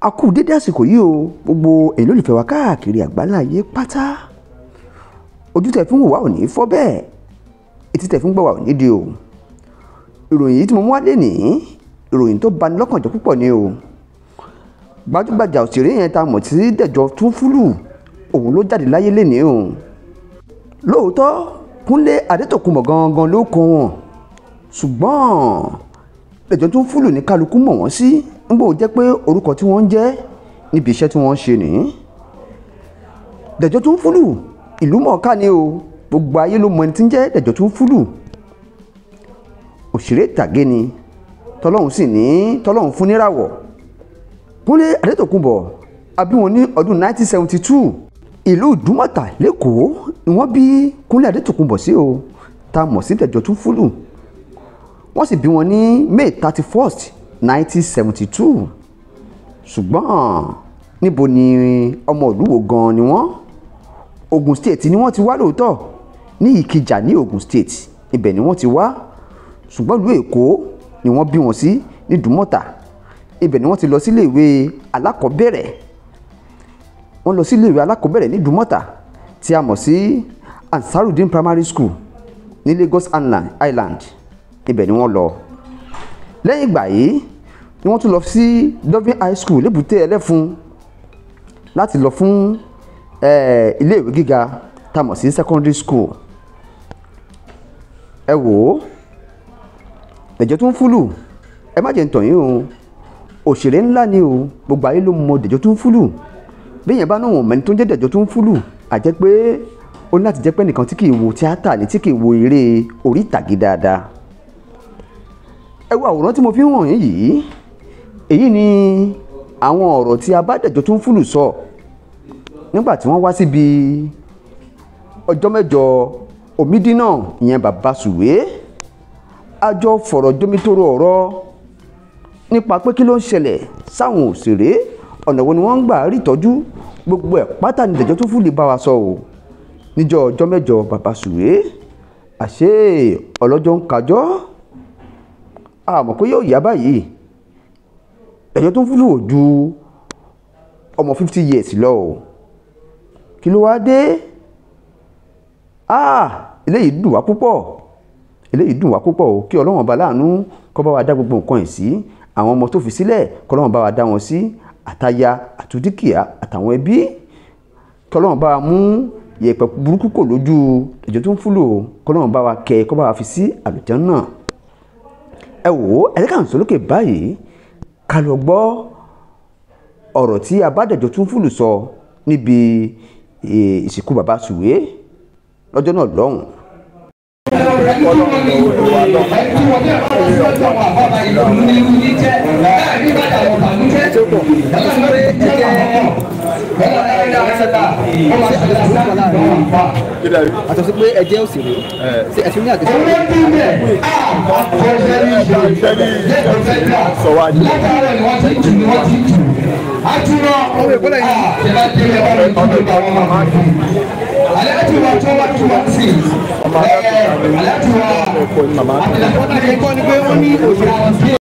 a kú dédé àsìkò yìí o gbogbo èyí olùfẹ́ wa káàkiri àgbáláyé pátá ojú tẹ̀ fún wa ò ní fọ́ bẹ́ẹ̀ etí tẹ̀ fún gbọ́ wa ò ní di o ìròyìn yìí tí mo mú wá lénìí ìròyìn tó bani lọ́kàn jẹ́ púpọ̀ ni o gbajúgbajà òṣèré yẹn ta mọ̀ sí Dẹ̀jọ Túnfúlù òun ló jáde láyé lénìí o lóòótọ́ Kúnlé Adétòkunbọ̀ gangan ló kọ wọn ṣùgbọ́n Dẹ̀jọ Túnfúlù ní kálukú mọ̀ wọ́n sí. Si ń bò jẹ́ pé orúkọ tí wọ́n ń jẹ́ níbi iṣẹ́ tí wọ́n ń ṣe nìyí dẹ̀jọ́ tún fúlù ìlú mọ̀ọ́ká ni o gbogbo ayé ló mọ ẹni tí ń jẹ́ dẹ̀jọ́ tún fúlù òṣèré tàgé ni tọlọ́hún sì ní tọlọ́hún fún níràwọ̀ kúnlé adétòkunbọ̀ abí wọn ní ọdún 1972 ìlú ìdúmọ̀tà lẹ́kọ̀ọ́ ni wọ́n bí kúnlé adétòkunbọ̀ sí o ta mọ̀ sí dẹ̀jọ́ tún fúlù wọ́n sì bí wọn ní may 31st 1972 ṣùgbọ́n níbo ni ọmọ ìlú wo gan-an ni wọ́n Ogun State ni wọ́n ti wá lóòótọ́ ní Ìkìjà ní Ogun State ibẹ̀ ni wọ́n ti wá ṣùgbọ́n ìlú Èkó ni wọ́n bí wọn sí ní Dùmọ̀tà ibẹ̀ ni wọ́n ti lọ sílé ìwé alákọ̀ọ́bẹ̀rẹ̀ wọ́n lọ sílé ìwé alákọ̀ọ́bẹ̀rẹ̀ ní tí a mọ̀ sí Ansarudin Primary School ní Lagos Island ibẹ̀ ni wọ́n lọ lẹ́yìn ìgbà yìí ni wọ́n tún lọ sí Dolphin High School lébùté ẹlẹ́fun láti lọ fún iléèwé gíga tá sí secondary school ẹ wò ó Dèjò Túnfúlù ẹ má jẹ́ ń tàn yín o òṣèré ńlá ni o gbogbo ayé ló mọ Dèjò Túnfúlù bẹ́ẹ̀ yẹn bá náà wọ̀n mẹ́ni tó ń jẹ́ Dèjò Túnfúlù àjẹ́ pé ó ní láti jẹ́ pé nìkan tí kì í wo tíátà ni tí kì í wo eré orí ìtàgé dáadáa ẹ wo àwòrán tí mo fi ń hàn yín yìí èyí ni àwọn ọ̀rọ̀ tí abádẹ́jọ́ tó ń fúlù sọ nígbà tí wọ́n wá síbi ọjọ́ mẹ́jọ Omídínà ìyẹn bàbá sùwé a jọ fọ̀rọ̀ jomitoro ọ̀rọ̀ nípa pé kí ló ń ṣẹlẹ̀ sáwọn òṣèré ọ̀nà wo ni wọ́n ń gbà rí ìtọ́jú gbogbo ẹ̀ pátá ni dẹ̀jọ́ tó fúlù bá wa sọ o níjọ́ ọjọ́ mẹ́jọ bàbá sùwé àṣé ọlọ́jọ́ ń kájọ́ àmọ́ pé yóò yá báyìí ẹ̀jọ́ tó ń fúlù ju ọmọ fifty years lọ o kí ló wá dé ah eléyìí dùn wá púpọ̀ eléyìí dùn wá púpọ̀ o kí ọlọ́run ọba láàánú kó bá wa dá gbogbo nǹkan yìí sí àwọn ọmọ tó fi sílẹ̀ kọ́ ọlọ́run bá wa dá wọn sí àtaya àtúndíkìá àtàwọn ẹbí kọ́ ọlọ́run bá wa mú yẹ̀pẹ̀ burúkú kò lójú ẹ̀jọ́ tó ń fúlò kọ́ ọlọ́run bá wa kẹ́ kó bá wa fi sí àlùjànnà náà ẹ wò ó ẹ jẹ́ ká ń sọ lókè báyìí ká lọ gbọ́ ọ̀rọ̀ tí abádẹ́jọ tún fúlù sọ níbi e, ìsìnkú bàbá sùwé lọ́jọ́ náà lọ́hùn. ọlọ́run ló wà lọ́wọ́ ẹ tí wọ́n jẹ́ ọ̀rọ̀ sí ọjọ́ wà bàbá ìlú nínú yìí jẹ́ láàrin bàtà ọ̀bà pọ̀ yàtọ̀ sí pé ẹ̀jẹ̀ àtọ̀ sí pé ẹ̀jẹ̀ òṣèré ṣe ẹ̀sìn ní àtẹ̀sí. sọ̀wájú. àtúrọ̀ ọ̀rọ̀ ìbọ̀lẹ̀ yìí. aláàtì wa tó wá tó wá sí i. aláàtì wa àtìlẹ́kọ̀ọ́ ni pé wọ́n ní òṣèré.